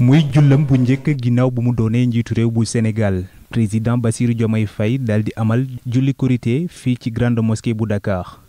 muy jullam bu njëkk ginnaaw bu mu doonee njiitu réew bu Sénégal président basir Diomaye Faye daal di amal julli korité fii ci grande mosquée bu Dakar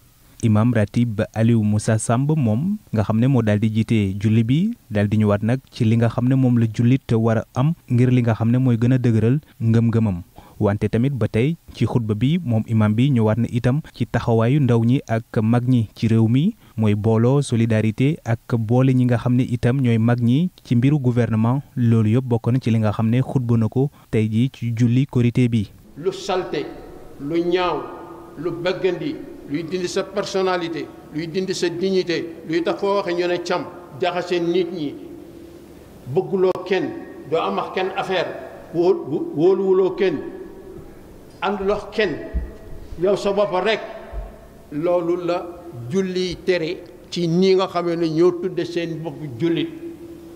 imam ratib Aliou Moussa Samb moom nga xam ne moo daal di jiite julli bi daal di ñëwaat nag ci li nga xam ne moom la jullit war a am ngir li nga xam ne mooy gën a dëgëral ngëm-ngëmam wante tamit ba tey ci xutba bi moom imam bi ñëwaat na itam ci taxawaayu ndaw ñi ak mag ñi ci réew mi mooy booloo solidarité ak boole ñi nga xam ne itam ñooy mag ñi ci mbiru gouvernement loolu yëpp bokk na ci li nga xam ne xutba na ko tey jii ci julli korité bi lu salte lu ñaaw lu bëggandi luy dindi sa personnalité luy dindi sa dignité luy tax foo waxee ñu ne cam jaxase nit ñi bëgguloo kenn doo amax kenn affaire wóoluwuloo kenn àndulox kenn yow sa bopp rek loolu la julli tere ci nii nga xamee ne ñoo tudde seen bopp jullit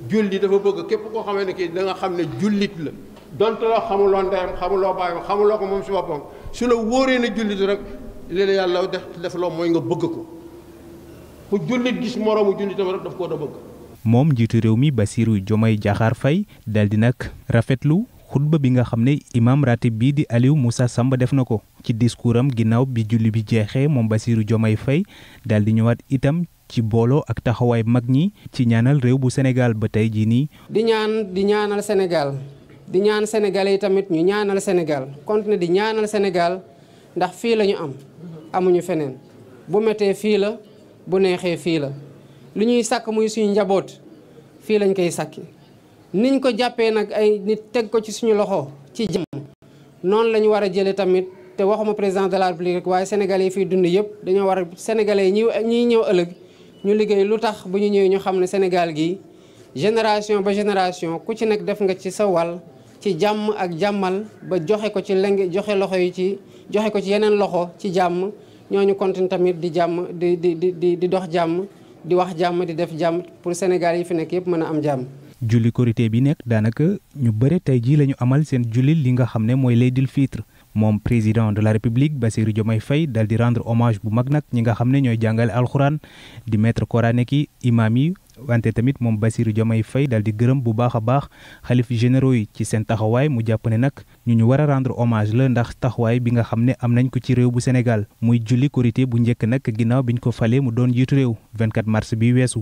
julli dafa bëgg képp koo xamee ne kii da xam ne jullit la donte loo xamuloo ndeyam xamuloo baayam xamuloo ko moom si boppam su la wóoree na jullit rek li la yàlla def def loo mooy nga bëgg ko ku jullit gis moroomu jullitam rek daf koo da bëgg moom njiitu réew mi Bassirou Diomaye Diakhar Faye di nag rafetlu xutba bi nga xam ne imaam ratib bi di Aliou Moussa Samba def na ko ci discours am ginnaaw bi julli bi jeexee moom Bassirou Diomaye Faye daal di ñëwaat itam ci booloo ak taxawaay mag ñi ci ñaanal réew bu Sénégal ba tey jii nii. di ñaan di ñaanal Sénégal di ñaan Sénégalais yi tamit ñu ñaanal Sénégal continuer di ñaanal Sénégal ndax fii lañu ñu am amuñu feneen bu mettee fii la bu neexee fii la lu ñuy sàkk muy suñu njaboot fii lañ koy sàkki. niñ ko jàppee nag ay nit teg ko ci suñu loxo ci jàmm noonu la ñu war a jëlee tamit te waxuma président de la république rek waaye sénégalais yi fiy dund yëpp dañoo war a sénégalais yi ñuy ñëw ëllëg ñu liggéey lu tax bu ñu ñëwee ñu xam ne Sénégal gi génération ba génération ku ci nekk def nga ci sa wàll ci jàmm ak jàmmal ba joxe ko ci leng joxe loxo yi ci joxe ko ci yeneen loxo ci jàmm ñooñu continue tamit di jàmm di di di di dox jàmm di wax jàmm di def jàmm pour Sénégal yi fi nekk yëpp mën a am jàmm julli korité bi nekk daanaka ñu bëri tey jii la ñu amal seen julli li nga xam ne mooy laydil fitre moom président de la république Bassirou Diomaye fay dal di rendre hommage bu mag nag ñi nga xam ne ñooy jàngale alxuraan di maître coranique ki imaam yi wante tamit moom Bassirou Diomaye fay dal di gërëm bu baax a baax xalif généraux yi ci seen taxawaay mu jàpp ne nag ñu ñu war a rendre hommage la ndax taxawaay bi nga xam ne am nañ ko ci réew bu Sénégal muy julli korité bu njëkk nag ginnaaw biñ ko falee mu doon jiitu réew 24 mars bi weesu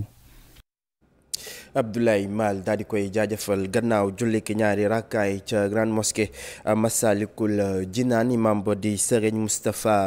Abdoulaye Mal daal di koy jaajëfal gannaaw jullik ñaari rakkaay ca Grande Mosquée Massalikul Jinaan imam ba di Serigne Moustapha